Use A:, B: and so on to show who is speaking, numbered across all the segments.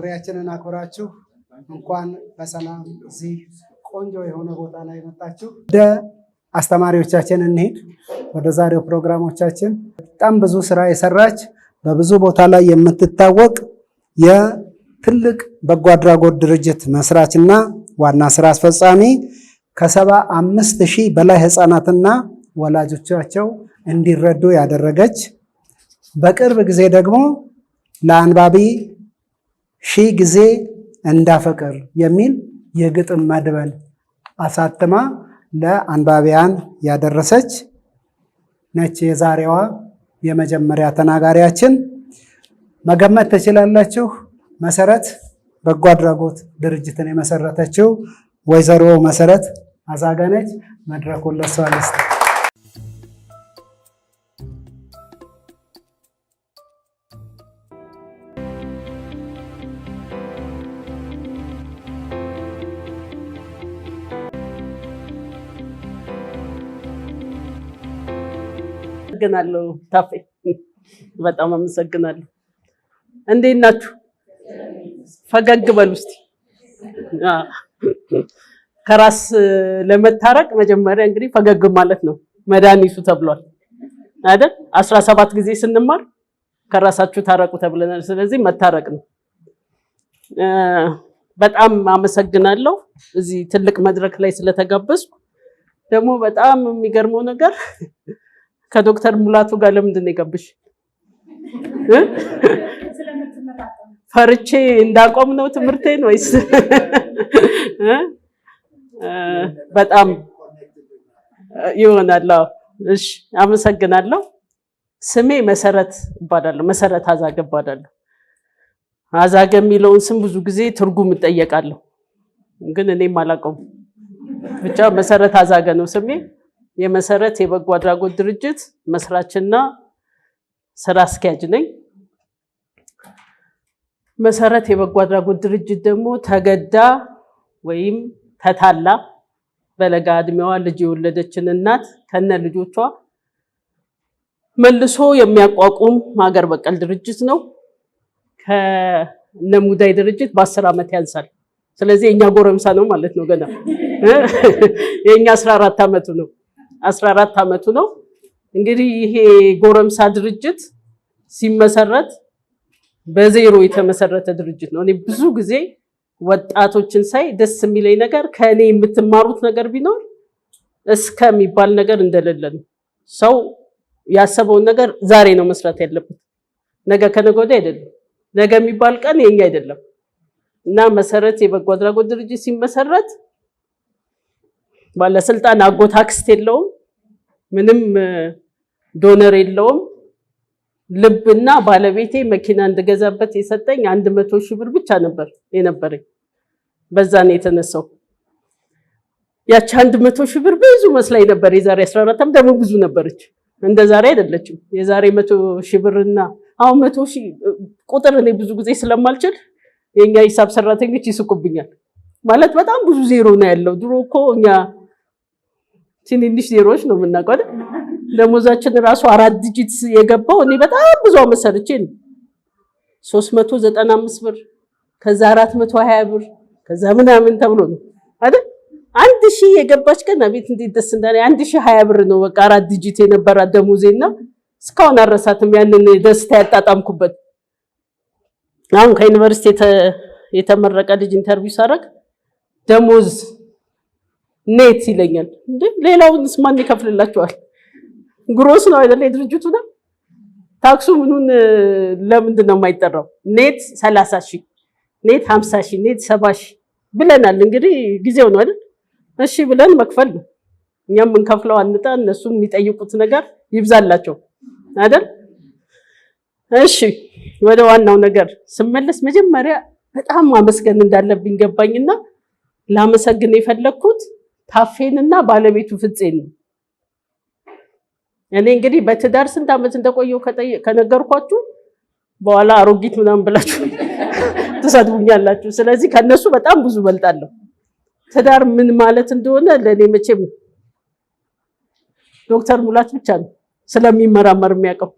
A: ጥሪያችንን አክብራችሁ እንኳን በሰላም እዚህ ቆንጆ የሆነ ቦታ ላይ መጣችሁ። ወደ አስተማሪዎቻችን እንሄድ። ወደ ዛሬው ፕሮግራሞቻችን በጣም ብዙ ስራ የሰራች በብዙ ቦታ ላይ የምትታወቅ የትልቅ በጎ አድራጎት ድርጅት መስራችና ዋና ስራ አስፈጻሚ ከሰባ አምስት ሺህ በላይ ህፃናትና ወላጆቻቸው እንዲረዱ ያደረገች በቅርብ ጊዜ ደግሞ ለአንባቢ ሺህ ጊዜ እንዳፈቅር የሚል የግጥም መድበል አሳትማ ለአንባቢያን ያደረሰች ነች። የዛሬዋ የመጀመሪያ ተናጋሪያችን መገመት ትችላላችሁ። መሰረት በጎ አድራጎት ድርጅትን የመሰረተችው ወይዘሮ መሰረት አዛጋ ነች። መድረኩን ለሷ
B: አመሰግናለሁ ታፌ፣ በጣም አመሰግናለሁ። እንዴት ናችሁ? ፈገግ በል ውስጥ ከራስ ለመታረቅ መጀመሪያ እንግዲህ ፈገግ ማለት ነው መድኃኒቱ ተብሏል አይደል? አስራ ሰባት ጊዜ ስንማር ከራሳችሁ ታረቁ ተብለናል። ስለዚህ መታረቅ ነው። በጣም አመሰግናለሁ እዚህ ትልቅ መድረክ ላይ ስለተጋበዝኩ። ደግሞ በጣም የሚገርመው ነገር ከዶክተር ሙላቱ ጋር ለምንድን ነው ፈርቼ እንዳቆም ነው ትምህርቴን ወይስ? በጣም ይሆናል። እሺ፣ አመሰግናለሁ። ስሜ መሰረት እባላለሁ። መሰረት አዛገ እባላለሁ። አዛገ የሚለውን ስም ብዙ ጊዜ ትርጉም እጠየቃለሁ፣ ግን እኔም አላውቀውም። ብቻ መሰረት አዛገ ነው ስሜ። የመሰረት የበጎ አድራጎት ድርጅት መስራችና ስራ አስኪያጅ ነኝ። መሰረት የበጎ አድራጎት ድርጅት ደግሞ ተገዳ ወይም ተታላ በለጋ እድሜዋ ልጅ የወለደችን እናት ከነ ልጆቿ መልሶ የሚያቋቁም ሀገር በቀል ድርጅት ነው። ከነ ሙዳይ ድርጅት በአስር ዓመት ያንሳል። ስለዚህ የእኛ ጎረምሳ ነው ማለት ነው። ገና የእኛ አስራ አራት ዓመቱ ነው። አስራ አራት ዓመቱ ነው። እንግዲህ ይሄ ጎረምሳ ድርጅት ሲመሰረት በዜሮ የተመሰረተ ድርጅት ነው። እኔ ብዙ ጊዜ ወጣቶችን ሳይ ደስ የሚለኝ ነገር ከእኔ የምትማሩት ነገር ቢኖር እስከ የሚባል ነገር እንደሌለ ነው። ሰው ያሰበውን ነገር ዛሬ ነው መስራት ያለበት፣ ነገ ከነገ ወዲያ አይደለም። ነገ የሚባል ቀን የኛ አይደለም እና መሰረት የበጎ አድራጎት ድርጅት ሲመሰረት ባለስልጣን አጎት አክስት የለውም፣ ምንም ዶነር የለውም። ልብና ባለቤቴ መኪና እንድገዛበት የሰጠኝ አንድ መቶ ሺህ ብር ብቻ ነበር የነበረኝ። በዛ ነው የተነሳው። ያቺ አንድ መቶ ሺህ ብር ብዙ መስላኝ ነበር። የዛሬ 14 ዓመት ደግሞ ብዙ ነበረች፣ እንደ ዛሬ አይደለችም። የዛሬ መቶ ሺህ ብርና አሁን መቶ ሺህ ቁጥር እኔ ብዙ ጊዜ ስለማልችል የኛ ሂሳብ ሰራተኞች ይስቁብኛል። ማለት በጣም ብዙ ዜሮ ነው ያለው። ድሮ እኮ እኛ ትንንሽ ዜሮዎች ነው የምናውቀው አይደል? ደሞዛችን ራሱ አራት ዲጂት የገባው እኔ በጣም ብዙ ዓመት ሰርቼ ነው። ሶስት መቶ ዘጠና አምስት ብር ከዛ አራት መቶ ሀያ ብር ከዛ ምናምን ተብሎ ነው አይደል? አንድ ሺህ የገባች ቀን አቤት እንዴት ደስ እንዳለ። አንድ ሺህ ሀያ ብር ነው በቃ አራት ዲጂት የነበራት ደሞዜና እስካሁን አረሳትም። ያንን ደስታ ያጣጣምኩበት አሁን ከዩኒቨርሲቲ የተመረቀ ልጅ ኢንተርቪው ሳረግ ደሞዝ ኔት ይለኛል። ሌላውንስ ማን ይከፍልላቸዋል? ግሮስ ነው አይደለ የድርጅቱ ነው። ታክሱ ምኑን ለምንድን ነው የማይጠራው? ኔት ሰላሳ ሺ ኔት ሀምሳ ሺ ኔት ሰባ ሺ ብለናል። እንግዲህ ጊዜው ነው አይደል? እሺ ብለን መክፈል ነው። እኛም የምንከፍለው አንጣ፣ እነሱም የሚጠይቁት ነገር ይብዛላቸው አይደል? እሺ ወደ ዋናው ነገር ስመለስ መጀመሪያ በጣም ማመስገን እንዳለብኝ ገባኝና ላመሰግን የፈለግኩት ታፌንና ባለቤቱ ፍፄን ነው። እኔ እንግዲህ በትዳር ስንት ዓመት እንደቆየው ከነገርኳችሁ በኋላ አሮጊት ምናምን ብላችሁ ትሰድቡኛላችሁ። ስለዚህ ከነሱ በጣም ብዙ በልጣለሁ። ትዳር ምን ማለት እንደሆነ ለእኔ መቼም ዶክተር ሙላት ብቻ ነው ስለሚመራመር የሚያውቀው።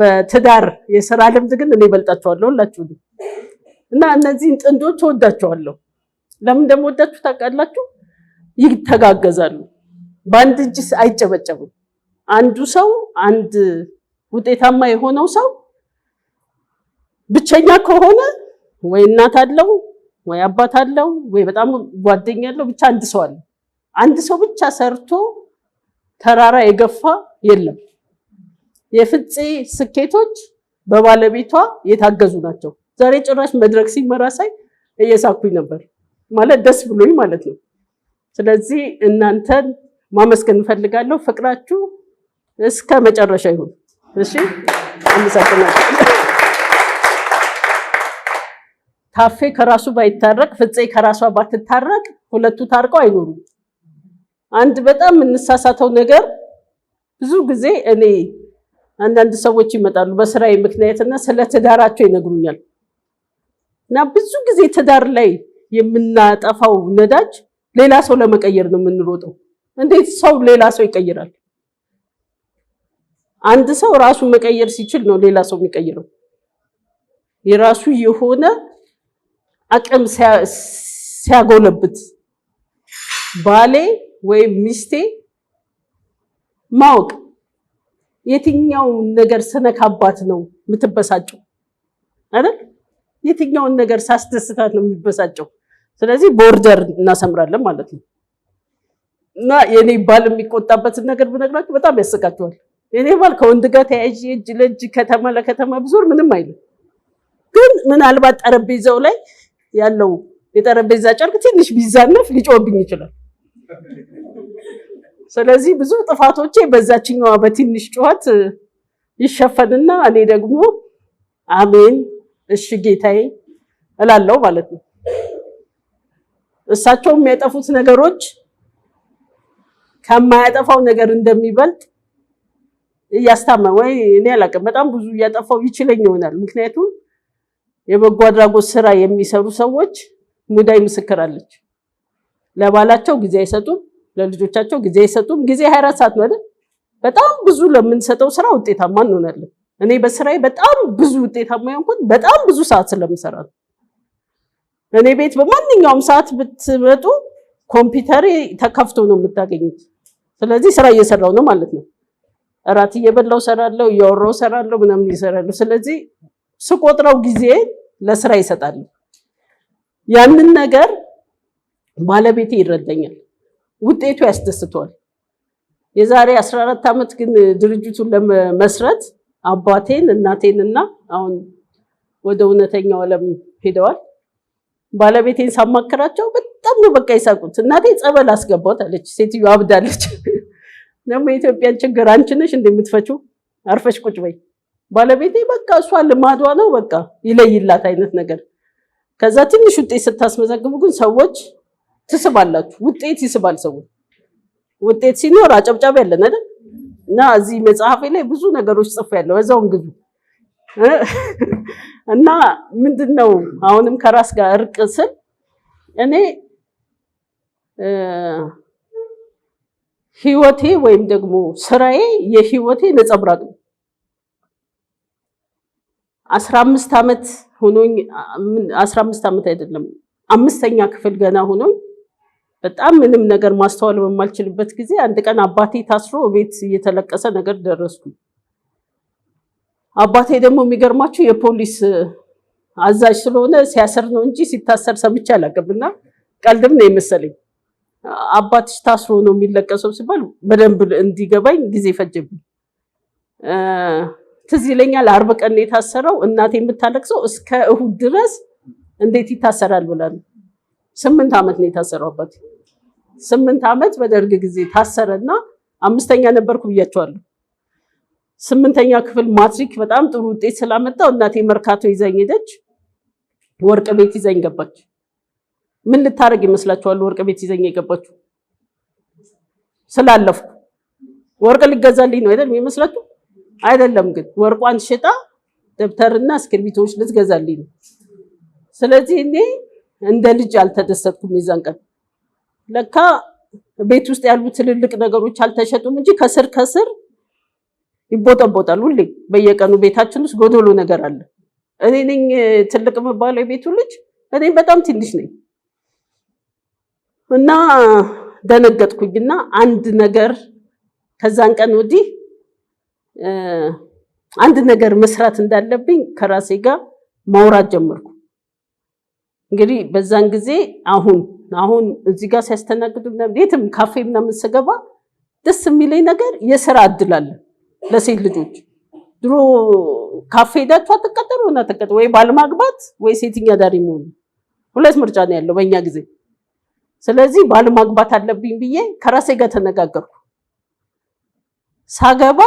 B: በትዳር የስራ ልምድ ግን እኔ በልጣቸዋለሁ ሁላችሁ እና እነዚህን ጥንዶች እወዳቸዋለሁ። ለምን እንደምወዳችሁ ታውቃላችሁ? ይተጋገዛሉ። በአንድ እጅ አይጨበጨቡም። አንዱ ሰው አንድ ውጤታማ የሆነው ሰው ብቸኛ ከሆነ ወይ እናት አለው ወይ አባት አለው ወይ በጣም ጓደኛ አለው፣ ብቻ አንድ ሰው አለ። አንድ ሰው ብቻ ሰርቶ ተራራ የገፋ የለም። የፍፄ ስኬቶች በባለቤቷ የታገዙ ናቸው። ዛሬ ጭራሽ መድረክ ሲመራ ሳይ እየሳኩኝ ነበር። ማለት ደስ ብሎኝ ማለት ነው። ስለዚህ እናንተን ማመስገን እንፈልጋለሁ። ፍቅራችሁ እስከ መጨረሻ ይሁን። እሺ፣ አመሰግናለሁ። ታፌ ከራሱ ባይታረቅ ፍፄ ከራሷ ባትታረቅ ሁለቱ ታርቀው አይኖሩም። አንድ በጣም የምንሳሳተው ነገር ብዙ ጊዜ እኔ አንዳንድ ሰዎች ይመጣሉ በስራዬ ምክንያትና ስለ ትዳራቸው ይነግሩኛል እና ብዙ ጊዜ ትዳር ላይ የምናጠፋው ነዳጅ ሌላ ሰው ለመቀየር ነው የምንሮጠው። እንዴት ሰው ሌላ ሰው ይቀይራል? አንድ ሰው ራሱን መቀየር ሲችል ነው ሌላ ሰው የሚቀይረው። የራሱ የሆነ አቅም ሲያጎለብት ባሌ ወይም ሚስቴ ማወቅ የትኛውን ነገር ስነካባት ነው የምትበሳጨው አይደል? የትኛውን ነገር ሳስደስታት ነው የሚበሳጨው? ስለዚህ ቦርደር እናሰምራለን ማለት ነው እና የኔ ባል የሚቆጣበትን ነገር ብነግራችሁ በጣም ያሰጋቸዋል። የኔ ባል ከወንድ ጋር ተያይዤ እጅ ለእጅ ከተማ ለከተማ ብዙር ምንም አይልም። ግን ምናልባት ጠረጴዛው ላይ ያለው የጠረጴዛ ጨርቅ ትንሽ ቢዛነፍ ሊጮብኝ ይችላል። ስለዚህ ብዙ ጥፋቶቼ በዛችኛዋ በትንሽ ጩኸት ይሸፈንና እኔ ደግሞ አሜን እሺ ጌታዬ እላለሁ ማለት ነው። እሳቸው የሚያጠፉት ነገሮች ከማያጠፋው ነገር እንደሚበልጥ እያስታመ ወይ እኔ አላውቅም። በጣም ብዙ እያጠፋው ይችለኝ ይሆናል። ምክንያቱም የበጎ አድራጎት ስራ የሚሰሩ ሰዎች ሙዳይ ምስክር አለች። ለባላቸው ጊዜ አይሰጡም፣ ለልጆቻቸው ጊዜ አይሰጡም። ጊዜ 24 ሰዓት ነው አይደል? በጣም ብዙ ለምንሰጠው ስራ ውጤታማ እንሆናለን። እኔ በስራዬ በጣም ብዙ ውጤታማ የሆንኩት በጣም ብዙ ሰዓት ስለምሰራ ነው። እኔ ቤት በማንኛውም ሰዓት ብትመጡ ኮምፒውተር ተከፍቶ ነው የምታገኙት። ስለዚህ ስራ እየሰራው ነው ማለት ነው። እራት እየበላው ሰራለው፣ እያወራው ሰራለው፣ ምናምን እየሰራለሁ ስለዚህ ስቆጥረው ጊዜ ለስራ ይሰጣል። ያንን ነገር ባለቤቴ ይረዳኛል። ውጤቱ ያስደስተዋል። የዛሬ 14 ዓመት ግን ድርጅቱን ለመስረት አባቴን እናቴንና አሁን ወደ እውነተኛው ዓለም ሄደዋል ባለቤቴን ሳማክራቸው በጣም ነው በቃ ይሳቁት እናቴ ጸበል አስገባት አለች። ሴትዮ አብዳለች። ደግሞ የኢትዮጵያን ችግር አንቺ ነሽ እንደምትፈችው አርፈሽ ቁጭ በይ። ባለቤቴ በቃ እሷ ልማዷ ነው በቃ ይለይላት አይነት ነገር። ከዛ ትንሽ ውጤት ስታስመዘግቡ ግን ሰዎች ትስባላችሁ። ውጤት ይስባል ሰው። ውጤት ሲኖር አጨብጫብ ያለን አይደል? እና እዚህ መጽሐፌ ላይ ብዙ ነገሮች ጽፌያለሁ። በዛውም ግቡ እና ምንድን ነው አሁንም ከራስ ጋር እርቅ ስል እኔ ህይወቴ ወይም ደግሞ ስራዬ የህይወቴ ነጸብራቅ ነው። አስራ አምስት ዓመት ሆኖኝ አስራ አምስት ዓመት አይደለም አምስተኛ ክፍል ገና ሆኖኝ በጣም ምንም ነገር ማስተዋል በማልችልበት ጊዜ አንድ ቀን አባቴ ታስሮ ቤት እየተለቀሰ ነገር ደረስኩኝ። አባቴ ደግሞ የሚገርማችሁ የፖሊስ አዛዥ ስለሆነ ሲያሰር ነው እንጂ ሲታሰር ሰምቼ አላውቅም። እና ቀልድም ነው የመሰለኝ። አባትሽ ታስሮ ነው የሚለቀሰው ሲባል በደንብ እንዲገባኝ ጊዜ ፈጀብኝ። ትዝ ይለኛል አርብ ቀን የታሰረው እናቴ የምታለቅሰው እስከ እሁድ ድረስ እንዴት ይታሰራል ብላ ነው። ስምንት ዓመት ነው የታሰረው አባቴ። ስምንት ዓመት በደርግ ጊዜ ታሰረና አምስተኛ ነበርኩ ብያቸዋለሁ። ስምንተኛ ክፍል ማትሪክ በጣም ጥሩ ውጤት ስላመጣው እናቴ መርካቶ ይዘኝ ሄደች። ወርቅ ቤት ይዘኝ ገባች። ምን ልታደርግ ይመስላችኋል? ወርቅ ቤት ይዘኝ የገባችሁ ስላለፍኩ ወርቅ ልገዛልኝ ነው አይደል የሚመስላችሁ? አይደለም ግን ወርቋን ሽጣ ደብተርና እስክርቢቶዎች ልትገዛልኝ ነው። ስለዚህ እኔ እንደ ልጅ አልተደሰትኩም። የዛን ቀን ለካ ቤት ውስጥ ያሉ ትልልቅ ነገሮች አልተሸጡም እንጂ ከስር ከስር ይቦጠቦጣል። ሁሌ በየቀኑ ቤታችን ውስጥ ጎዶሎ ነገር አለ። እኔ ነኝ ትልቅ የምባለው የቤቱ ልጅ፣ እኔ በጣም ትንሽ ነኝ እና ደነገጥኩኝና አንድ ነገር ከዛን ቀን ወዲህ አንድ ነገር መስራት እንዳለብኝ ከራሴ ጋር ማውራት ጀመርኩ። እንግዲህ በዛን ጊዜ አሁን አሁን እዚህ ጋር ሲያስተናግዱ የትም ካፌ ምናምን ስገባ ደስ የሚለኝ ነገር የስራ እድል ለሴት ልጆች ድሮ ካፌ ሄዳችሁ አትቀጠሩ እና ተቀጠሩ ወይ ባለማግባት ወይ ሴትኛ ዳሪ መሆኑ ሁለት ምርጫ ነው ያለው በእኛ ጊዜ። ስለዚህ ባለማግባት አለብኝ ብዬ ከራሴ ጋር ተነጋገርኩ። ሳገባ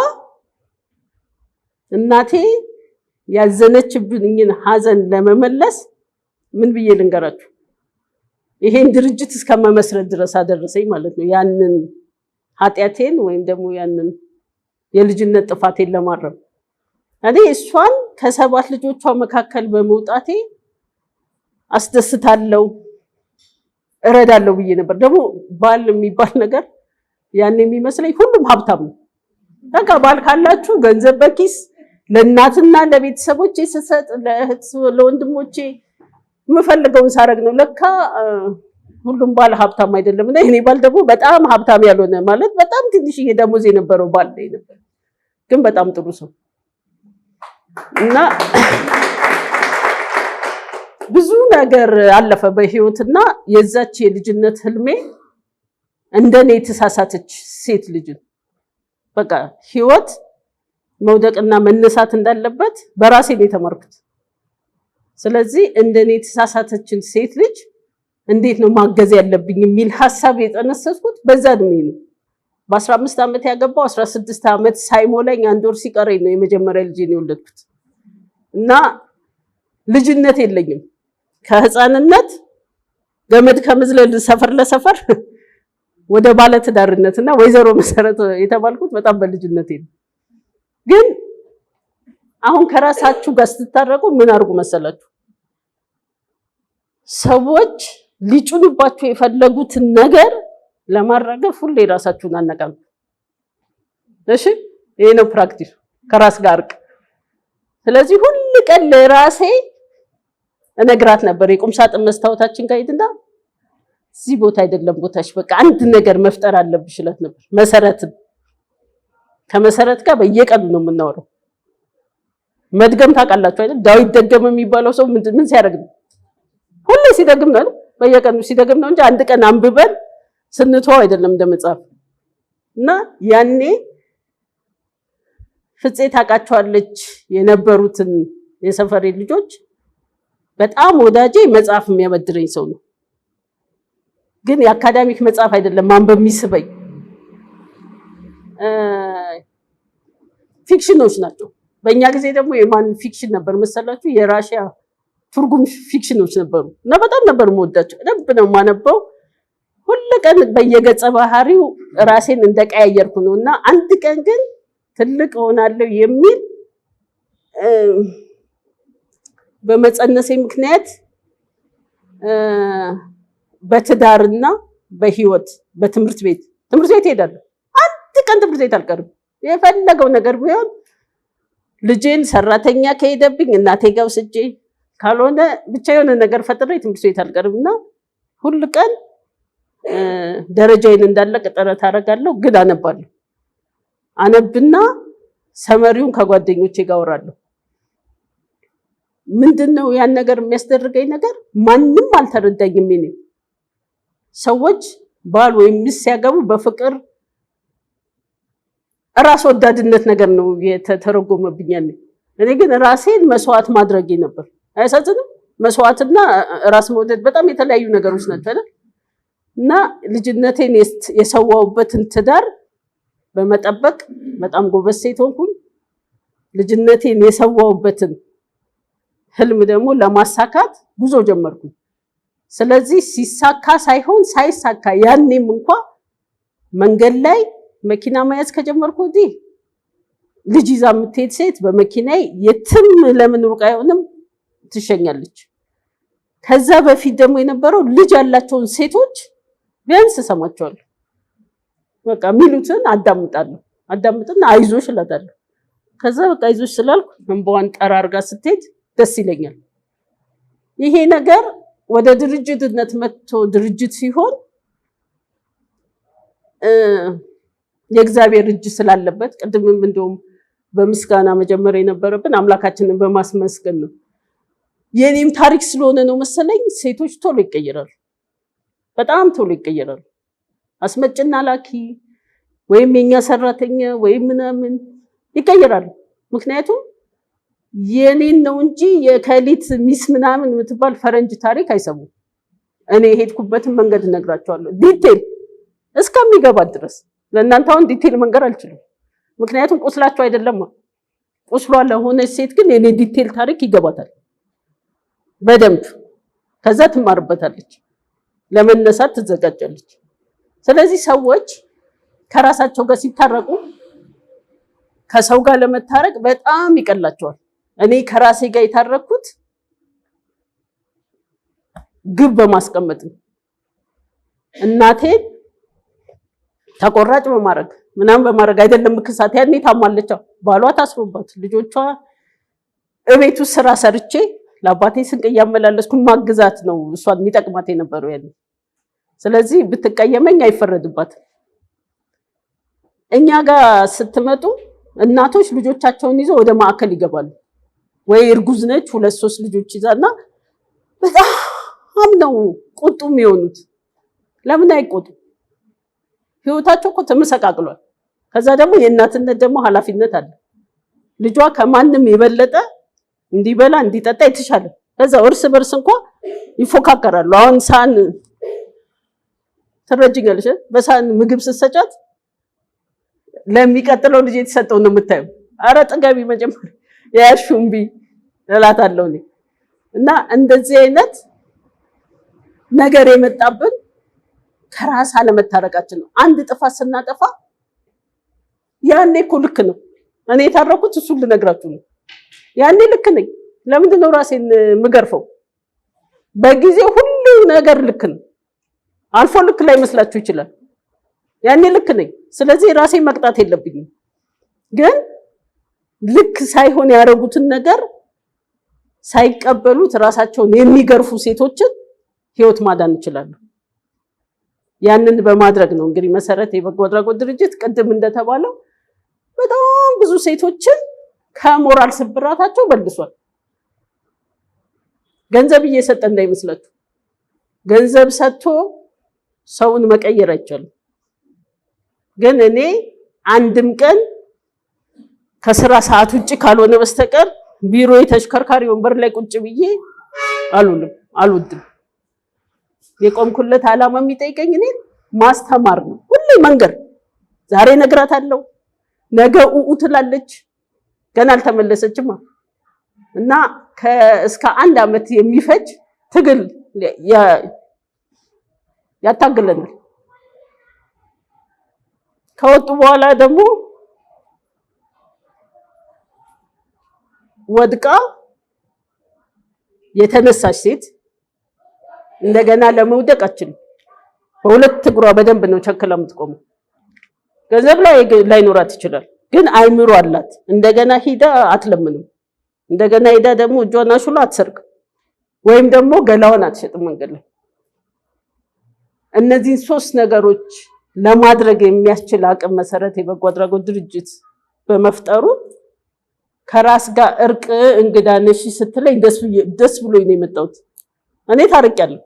B: እናቴ ያዘነችብኝን ሀዘን ለመመለስ ምን ብዬ ልንገራችሁ፣ ይሄን ድርጅት እስከመመስረት ድረስ አደረሰኝ ማለት ነው። ያንን ኃጢአቴን ወይም ደግሞ ያንን የልጅነት ጥፋቴን ለማረም እኔ እሷን ከሰባት ልጆቿ መካከል በመውጣቴ አስደስታለው እረዳለው ብዬ ነበር። ደግሞ ባል የሚባል ነገር ያን የሚመስለኝ ሁሉም ሀብታም ነው። በቃ ባል ካላችሁ ገንዘብ በኪስ ለእናትና ለቤተሰቦቼ ስሰጥ፣ ለእህት ለወንድሞቼ የምፈልገውን ሳረግ ነው። ለካ ሁሉም ባል ሀብታም አይደለም እና የኔ ባል ደግሞ በጣም ሀብታም ያልሆነ ማለት በጣም ትንሽዬ ደሞዝ የነበረው ባል ነበር። ግን በጣም ጥሩ ሰው እና ብዙ ነገር አለፈ በህይወትና የዛች የልጅነት ህልሜ እንደኔ የተሳሳተች ሴት ልጅን በቃ ህይወት መውደቅና መነሳት እንዳለበት በራሴ ነው የተማርኩት። ስለዚህ እንደኔ የተሳሳተችን ሴት ልጅ እንዴት ነው ማገዝ ያለብኝ የሚል ሀሳብ የጠነሰስኩት በዛ እድሜ ነው። በ15 ዓመት ያገባው 16 ዓመት ሳይሞላኝ አንድ ወር ሲቀረኝ ነው የመጀመሪያ ልጄን የወለድኩት እና ልጅነት የለኝም። ከህፃንነት ገመድ ከመዝለል ሰፈር ለሰፈር ወደ ባለትዳርነት እና ወይዘሮ መሰረት የተባልኩት በጣም በልጅነቴ ነው። ግን አሁን ከራሳችሁ ጋር ስትታረቁ ምን አድርጉ መሰላችሁ? ሰዎች ሊጩንባችሁ የፈለጉትን ነገር ለማረገፍ ሁሌ ራሳችሁን አነቃም። እሺ፣ ይሄ ነው ፕራክቲሱ ከራስ ጋር እርቅ። ስለዚህ ሁል ቀን ለራሴ እነግራት ነበር። የቁም ሳጥን መስታወታችን ጋር ሂድና እዚህ ቦታ አይደለም ቦታሽ፣ በቃ አንድ ነገር መፍጠር አለብሽ እላት ነበር። መሰረትን ከመሰረት ጋር በየቀኑ ነው የምናወራው። መድገም ታውቃላችሁ አይደል? ዳዊት ደገመ የሚባለው ሰው ምን ሲያደርግ ነው? ሁሌ ሲደግም ነው በየቀኑ ሲደግም ነው እንጂ አንድ ቀን አንብበን ስንተው አይደለም እንደመጽሐፍ እና ያኔ ፍፄ ታውቃቸዋለች የነበሩትን የሰፈሬ ልጆች በጣም ወዳጄ መጽሐፍ የሚያበድረኝ ሰው ነው። ግን የአካዳሚክ መጽሐፍ አይደለም ማንበብ የሚስበኝ ፊክሽኖች ናቸው። በእኛ ጊዜ ደግሞ የማን ፊክሽን ነበር መሰላችሁ? የራሽያ ትርጉም ፊክሽኖች ነበሩ እና በጣም ነበር የምወዳቸው። ደንብ ነው የማነበው ሁሉ ቀን በየገጸ ባህሪው ራሴን እንደቀያየርኩ ነው እና አንድ ቀን ግን ትልቅ እሆናለሁ የሚል በመፀነሴ ምክንያት በትዳርና በህይወት በትምህርት ቤት ትምህርት ቤት ሄዳለሁ። አንድ ቀን ትምህርት ቤት አልቀርም። የፈለገው ነገር ቢሆን ልጄን ሰራተኛ ከሄደብኝ እናቴ ጋር ወስጄ ካልሆነ ብቻ የሆነ ነገር ፈጥሬ ትምህርት ቤት አልቀርም እና ሁል ቀን ደረጃዬን እንዳለቅ ጥረት አደርጋለሁ፣ ግን አነባለሁ። አነብና ሰመሪውን ከጓደኞቼ ጋር አወራለሁ። ምንድን ነው ያን ነገር የሚያስደርገኝ ነገር? ማንም አልተረዳኝም። ኔ ሰዎች ባል ወይም ሚስት ሲያገቡ በፍቅር ራስ ወዳድነት ነገር ነው የተተረጎመብኛል። እኔ ግን ራሴን መስዋዕት ማድረጌ ነበር። አያሳዝንም? መስዋዕትና ራስ መውደድ በጣም የተለያዩ ነገሮች ናቸው እና ልጅነቴን የሰዋውበትን ትዳር በመጠበቅ በጣም ጎበዝ ሴት ሆንኩኝ። ልጅነቴን የሰዋውበትን ህልም ደግሞ ለማሳካት ጉዞ ጀመርኩኝ። ስለዚህ ሲሳካ ሳይሆን ሳይሳካ ያኔም እንኳ መንገድ ላይ መኪና መያዝ ከጀመርኩ ወዲህ ልጅ ይዛ የምትሄድ ሴት በመኪናዬ የትም ለምን ሩቅ አይሆንም ትሸኛለች። ከዛ በፊት ደግሞ የነበረው ልጅ ያላቸውን ሴቶች ቢያንስ እሰማቸዋለሁ። በቃ የሚሉትን አዳምጣለሁ። አዳምጥና አይዞሽ እላታለሁ። ከዛ በቃ አይዞሽ ስላልኩ እንባዋን ጠራርጋ ስትሄድ ደስ ይለኛል። ይሄ ነገር ወደ ድርጅትነት መጥቶ ድርጅት ሲሆን የእግዚአብሔር እጅ ስላለበት ቅድምም እንደውም በምስጋና መጀመር የነበረብን አምላካችንን በማስመስገን ነው። የኔም ታሪክ ስለሆነ ነው መሰለኝ ሴቶች ቶሎ ይቀይራሉ። በጣም ቶሎ ይቀየራሉ። አስመጭና ላኪ ወይም የኛ ሰራተኛ ወይም ምናምን ይቀየራሉ። ምክንያቱም የኔን ነው እንጂ የከሊት ሚስ ምናምን የምትባል ፈረንጅ ታሪክ አይሰሙም። እኔ የሄድኩበትን መንገድ እነግራቸዋለሁ ዲቴል እስከሚገባት ድረስ። ለእናንተ አሁን ዲቴል መንገር አልችልም፣ ምክንያቱም ቁስላቸው አይደለም ቁስሏ ለሆነች ሴት ግን የኔ ዲቴል ታሪክ ይገባታል በደንብ ከዛ ትማርበታለች። ለመነሳት ትዘጋጃለች። ስለዚህ ሰዎች ከራሳቸው ጋር ሲታረቁ ከሰው ጋር ለመታረቅ በጣም ይቀላቸዋል። እኔ ከራሴ ጋር የታረኩት ግብ በማስቀመጥ ነው። እናቴ ተቆራጭ በማድረግ ምናምን በማድረግ አይደለም። ክሳት ያኔ ታማለች፣ ባሏ ታስሮባት፣ ልጆቿ እቤቱ ስራ ሰርቼ ለአባቴ ስንቅ እያመላለስኩ ማግዛት ነው እሷን የሚጠቅማት የነበረው ያኔ ስለዚህ ብትቀየመኝ አይፈረድባትም። እኛ ጋር ስትመጡ እናቶች ልጆቻቸውን ይዘው ወደ ማዕከል ይገባሉ። ወይ እርጉዝ ነች ሁለት ሶስት ልጆች ይዛና በጣም ነው ቁጡ የሚሆኑት። ለምን አይቆጡም? ህይወታቸው እኮ ተመሰቃቅሏል። ከዛ ደግሞ የእናትነት ደግሞ ኃላፊነት አለ። ልጇ ከማንም የበለጠ እንዲበላ እንዲጠጣ የተሻለ ከዛ እርስ በርስ እንኳ ይፎካከራሉ። አሁን ሳን ትረጅኛለሽ። በሳህን ምግብ ስትሰጫት ለሚቀጥለው ልጅ የተሰጠው ነው የምታየው። አረ ጥገቢ መጀመር የያሹም ቢ እላታለሁ እኔ እና እንደዚህ አይነት ነገር የመጣብን ከራስ አለመታረቃችን ነው። አንድ ጥፋት ስናጠፋ ያኔ እኮ ልክ ነው። እኔ የታረኩት እሱን ልነግራችሁ ነው። ያኔ ልክ ነኝ። ለምንድን ነው ራሴን የምገርፈው? በጊዜ ሁሉ ነገር ልክ ነው። አልፎ ልክ ላይ መስላችሁ ይችላል። ያኔ ልክ ነኝ። ስለዚህ ራሴ መቅጣት የለብኝም። ግን ልክ ሳይሆን ያደረጉትን ነገር ሳይቀበሉት ራሳቸውን የሚገርፉ ሴቶችን ህይወት ማዳን ይችላሉ። ያንን በማድረግ ነው እንግዲህ መሰረት የበጎ አድራጎት ድርጅት ቅድም እንደተባለው በጣም ብዙ ሴቶችን ከሞራል ስብራታቸው በልሷል። ገንዘብ እየሰጠ እንዳይመስላችሁ ገንዘብ ሰጥቶ ሰውን መቀየር አይቻልም። ግን እኔ አንድም ቀን ከስራ ሰዓት ውጭ ካልሆነ በስተቀር ቢሮ የተሽከርካሪ ወንበር ላይ ቁጭ ብዬ አሉልም አልውድም። የቆምኩለት ዓላማ የሚጠይቀኝ እኔ ማስተማር ነው። ሁሌ መንገር ዛሬ አለው ነገ ኡኡ ትላለች። ገና አልተመለሰችም እና እስከ አንድ ዓመት የሚፈጅ ትግል ያታግለናል። ከወጡ በኋላ ደግሞ ወድቃ የተነሳች ሴት እንደገና ለመውደቅ አትችልም። በሁለት እግሯ በደንብ ነው ቸክላ የምትቆመው። ገንዘብ ላይ ላይኖራት ይችላል፣ ግን አይምሮ አላት። እንደገና ሂዳ አትለምንም። እንደገና ሂዳ ደግሞ እጇን አሹላ አትሰርቅም፣ ወይም ደግሞ ገላዋን አትሸጥም መንገድ ላይ እነዚህን ሶስት ነገሮች ለማድረግ የሚያስችል አቅም መሰረት የበጎ አድራጎት ድርጅት በመፍጠሩ ከራስ ጋር እርቅ እንግዳ ነሽ ስትለኝ ደስ ብሎኝ ነው የመጣሁት። እኔ ታርቂያለሁ፣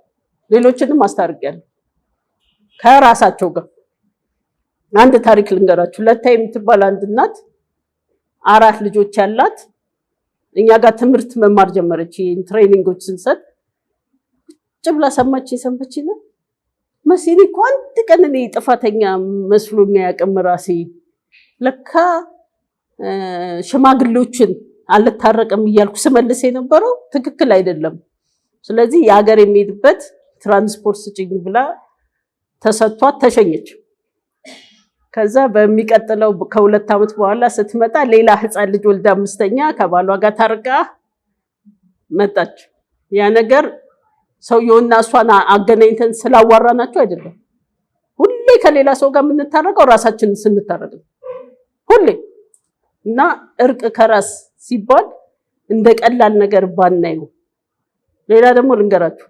B: ሌሎችንም አስታርቂያለሁ ከራሳቸው ጋር። አንድ ታሪክ ልንገራችሁ። ለታ የምትባል አንድ እናት አራት ልጆች ያላት እኛ ጋር ትምህርት መማር ጀመረች። ይሄን ትሬኒንጎች ስንሰጥ ቁጭ ብላ ሰማችኝ ነው መሲኒ እኮ አንድ ቀን እኔ ጥፋተኛ መስሎኛ ያቅም ራሴ ለካ ሽማግሌዎችን አልታረቅም እያልኩ ስመልስ የነበረው ትክክል አይደለም። ስለዚህ የሀገር የሚሄድበት ትራንስፖርት ስጭኝ ብላ ተሰጥቷት ተሸኘች። ከዛ በሚቀጥለው ከሁለት ዓመት በኋላ ስትመጣ ሌላ ህፃን ልጅ ወልዳ አምስተኛ ከባሏ ጋር ታርቃ መጣች። ያ ነገር ሰውየውና እሷን አገናኝተን ስላዋራናቸው አይደለም። ሁሌ ከሌላ ሰው ጋር የምንታረቀው ራሳችን ስንታረቅ ነው ሁሌ። እና እርቅ ከራስ ሲባል እንደ ቀላል ነገር ባናየው። ሌላ ደግሞ ልንገራችሁ፣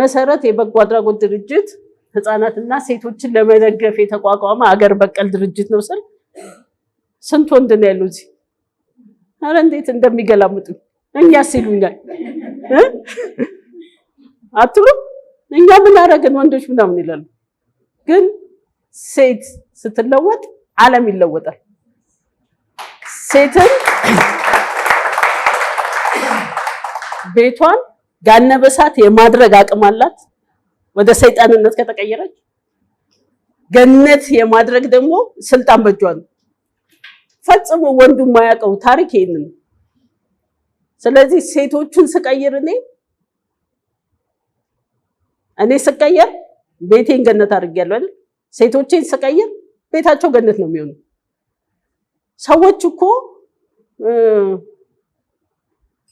B: መሰረት የበጎ አድራጎት ድርጅት ህፃናትና ሴቶችን ለመደገፍ የተቋቋመ አገር በቀል ድርጅት ነው ስል ስንት ወንድ ነው ያሉ እዚህ። ኧረ እንዴት እንደሚገላምጡ እኛስ ይሉኛል። አትሉ እኛ ምን አደረግን ወንዶች ምናምን ይላሉ። ግን ሴት ስትለወጥ ዓለም ይለወጣል። ሴትን ቤቷን ጋነ በሳት የማድረግ አቅም አላት። ወደ ሰይጣንነት ከተቀየረች ገነት የማድረግ ደግሞ ስልጣን በጇ ነው። ፈጽሞ ወንዱ የማያውቀው ታሪክ ይሄንን። ስለዚህ ሴቶቹን ስቀይር እኔ እኔ ስቀየር ቤቴን ገነት አድርጌያለሁ አይደል? ሴቶቼን ስቀየር ቤታቸው ገነት ነው የሚሆኑ። ሰዎች እኮ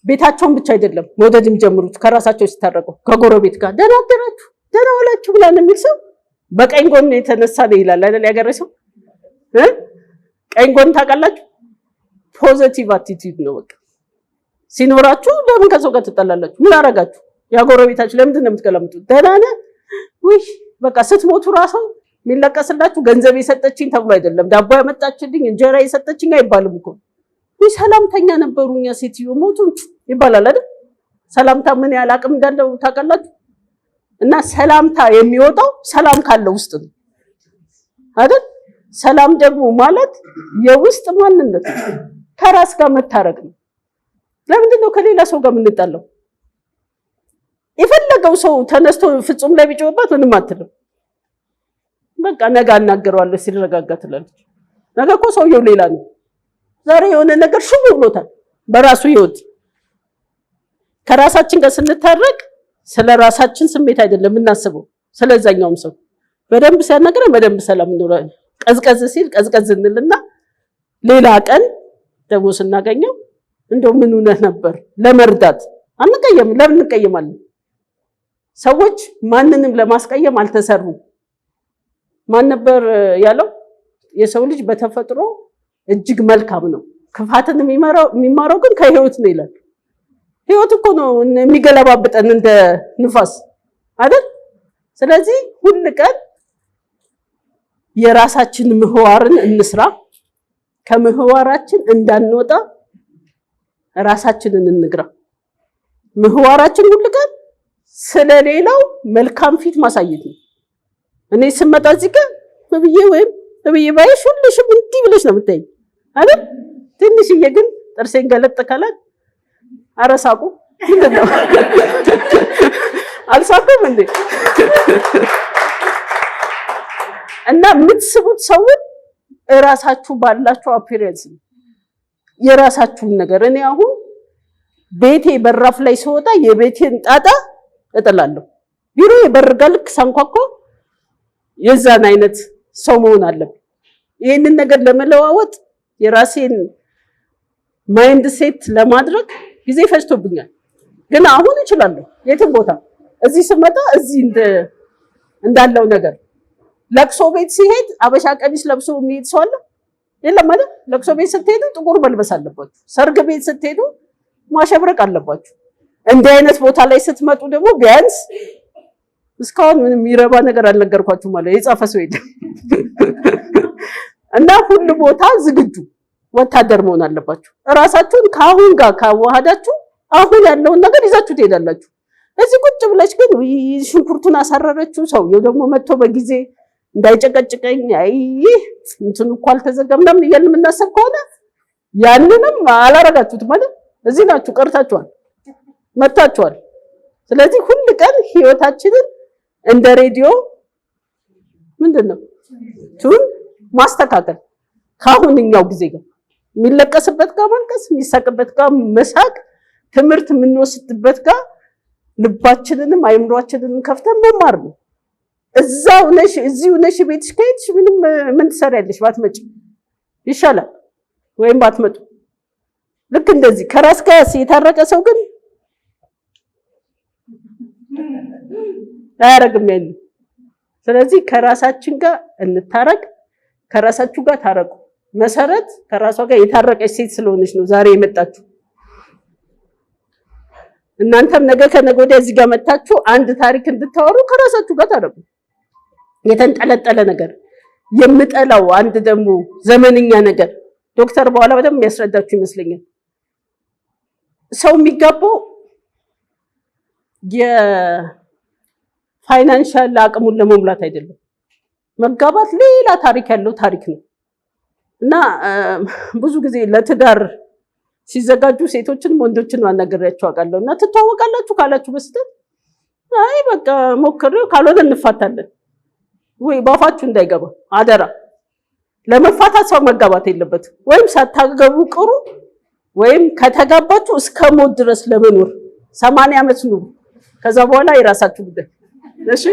B: ቤታቸውን ብቻ አይደለም መውደድ የሚጀምሩት ከራሳቸው ሲታረቀው፣ ከጎረቤት ጋር ደህና አደራችሁ ደህና ዋላችሁ ብላን የሚል ሰው በቀኝ ጎን የተነሳ ነው ይላል አይደል? ያገሬ ሰው ቀኝ ጎን ታውቃላችሁ፣ ፖዘቲቭ አቲቲዩድ ነው በቃ ሲኖራችሁ። ለምን ከሰው ጋር ትጠላላችሁ? ምን አረጋችሁ? ያጎረቤታችሁ ለምንድን ነው የምትገለምጡት? ደህና ነህ ውይ በቃ ስትሞቱ ራሱ የሚለቀስላችሁ ገንዘብ የሰጠችኝ ተብሎ አይደለም። ዳቦ ያመጣችልኝ እንጀራ የሰጠችኝ አይባልም እኮ ውይ ሰላምተኛ ነበሩ እኛ ሴትዮ ሞቱ ይባላል አይደል? ሰላምታ ምን ያህል አቅም እንዳለው ታውቃላችሁ? እና ሰላምታ የሚወጣው ሰላም ካለ ውስጥ ነው አይደል? ሰላም ደግሞ ማለት የውስጥ ማንነት ከራስ ጋር መታረቅ ነው። ለምንድን ነው ከሌላ ሰው ጋር የምንጣለው? የፈለገው ሰው ተነስቶ ፍጹም ላይ ቢጮህባት ምንም አትልም። በቃ ነገ አናገረዋለሁ ሲረጋጋ ትላለች። ነገ እኮ ሰውየው ሌላ ነው። ዛሬ የሆነ ነገር ሹም ብሎታል በራሱ ህይወት። ከራሳችን ጋር ስንታረቅ ስለ ራሳችን ስሜት አይደለም የምናስበው፣ ስለዛኛውም ሰው በደንብ ሲያናግረን በደንብ ሰላም እንኖራለን። ቀዝቀዝ ሲል ቀዝቀዝ እንልና ሌላ ቀን ደግሞ ስናገኘው እንደው ምን ነበር ለመርዳት አንቀየም። ለምን እንቀየማለን? ሰዎች ማንንም ለማስቀየም አልተሰሩም። ማን ነበር ያለው? የሰው ልጅ በተፈጥሮ እጅግ መልካም ነው፣ ክፋትን የሚማረው ግን ከህይወት ነው ይላል። ህይወት እኮ ነው የሚገለባብጠን እንደ ንፋስ አይደል? ስለዚህ ሁል ቀን የራሳችን ምህዋርን እንስራ። ከምህዋራችን እንዳንወጣ ራሳችንን እንግራ። ምህዋራችን ሁል ቀን ስለሌላው መልካም ፊት ማሳየት ነው። እኔ ስመጣ እዚህ ጋር እብዬ ወይም እብዬ ባይሽ ሁልሽም እንዲህ ብለሽ ነው የምታይኝ አይደል? ትንሽዬ ግን ጥርሴን ገለጥ ካላት አረሳቁ ምንድን ነው አልሳኩም እንዴ? እና የምትስቡት ሰውን እራሳችሁ ባላችሁ አፒሪየንስ ነው። የራሳችሁን ነገር እኔ አሁን ቤቴ በራፍ ላይ ስወጣ የቤቴን ጣጣ እጥላለሁ። ቢሮ የበርጋ ልክ ሳንኳኳ የዛን አይነት ሰው መሆን አለብን። ይህንን ነገር ለመለዋወጥ የራሴን ማይንድ ሴት ለማድረግ ጊዜ ፈጅቶብኛል፣ ግን አሁን እችላለሁ። የትም ቦታ እዚህ ስመጣ እዚህ እንዳለው ነገር ለቅሶ ቤት ሲሄድ አበሻ ቀሚስ ለብሶ የሚሄድ ሰው አለ የለም ማለት። ለቅሶ ቤት ስትሄዱ ጥቁር መልበስ አለባችሁ። ሰርግ ቤት ስትሄዱ ማሸብረቅ አለባችሁ። እንዲህ አይነት ቦታ ላይ ስትመጡ ደግሞ ቢያንስ እስካሁን ምንም የሚረባ ነገር አልነገርኳችሁም አለ የጻፈ ሰው የለም። እና ሁሉ ቦታ ዝግጁ ወታደር መሆን አለባችሁ። እራሳችሁን ከአሁን ጋር ካዋሃዳችሁ አሁን ያለውን ነገር ይዛችሁ ትሄዳላችሁ። እዚህ ቁጭ ብለች ግን ሽንኩርቱን አሳረረችው፣ ሰውየው ደግሞ መጥቶ በጊዜ እንዳይጨቀጭቀኝ አይ እንትን እኮ አልተዘጋም እያልን የምናሰብ ከሆነ ያንንም አላረጋችሁትም ማለት እዚህ ናችሁ ቀርታችኋል። መጥቷቸዋል። ስለዚህ ሁል ቀን ህይወታችንን እንደ ሬዲዮ ምንድን ነው ቱን ማስተካከል ከአሁንኛው ጊዜ ጋር የሚለቀስበት ጋር ማልቀስ፣ የሚሳቅበት ጋር መሳቅ፣ ትምህርት የምንወስድበት ጋር ልባችንንም አይምሯችንንም ከፍተን መማር ነው። እዛ ነሽ እዚህ ነሽ ቤትሽ ከሄድሽ ምንም ምን ትሰሪያለሽ? ባትመጪ ይሻላል፣ ወይም ባትመጡ። ልክ እንደዚህ ከራስ ከያስ የታረቀ ሰው ግን አያረግም ያሉ። ስለዚህ ከራሳችን ጋር እንታረቅ፣ ከራሳችሁ ጋር ታረቁ። መሰረት ከራሷ ጋር የታረቀች ሴት ስለሆነች ነው ዛሬ የመጣችሁ። እናንተም ነገ ከነገ ወዲያ እዚህ ጋር መታችሁ አንድ ታሪክ እንድታወሩ ከራሳችሁ ጋር ታረቁ። የተንጠለጠለ ነገር የምጠላው አንድ ደግሞ ዘመንኛ ነገር ዶክተር በኋላ በደንብ የሚያስረዳችሁ ይመስለኛል ሰው የሚጋባው የፋይናንሻል አቅሙን ለመሙላት አይደለም። መጋባት ሌላ ታሪክ ያለው ታሪክ ነው እና ብዙ ጊዜ ለትዳር ሲዘጋጁ ሴቶችን ወንዶችን ማናገሪያቸው አውቃለሁ እና ትተዋወቃላችሁ ካላችሁ በስተት አይ በቃ ሞክሬው ካልሆነ እንፋታለን ወይ ባፋችሁ እንዳይገባ አደራ። ለመፋታት ሰው መጋባት የለበትም። ወይም ሳታገቡ ቅሩ፣ ወይም ከተጋባችሁ እስከ ሞት ድረስ ለመኖር ሰማንያ ዓመት ኑሩ። ከዛ በኋላ የራሳችሁ ጉዳይ እሺ።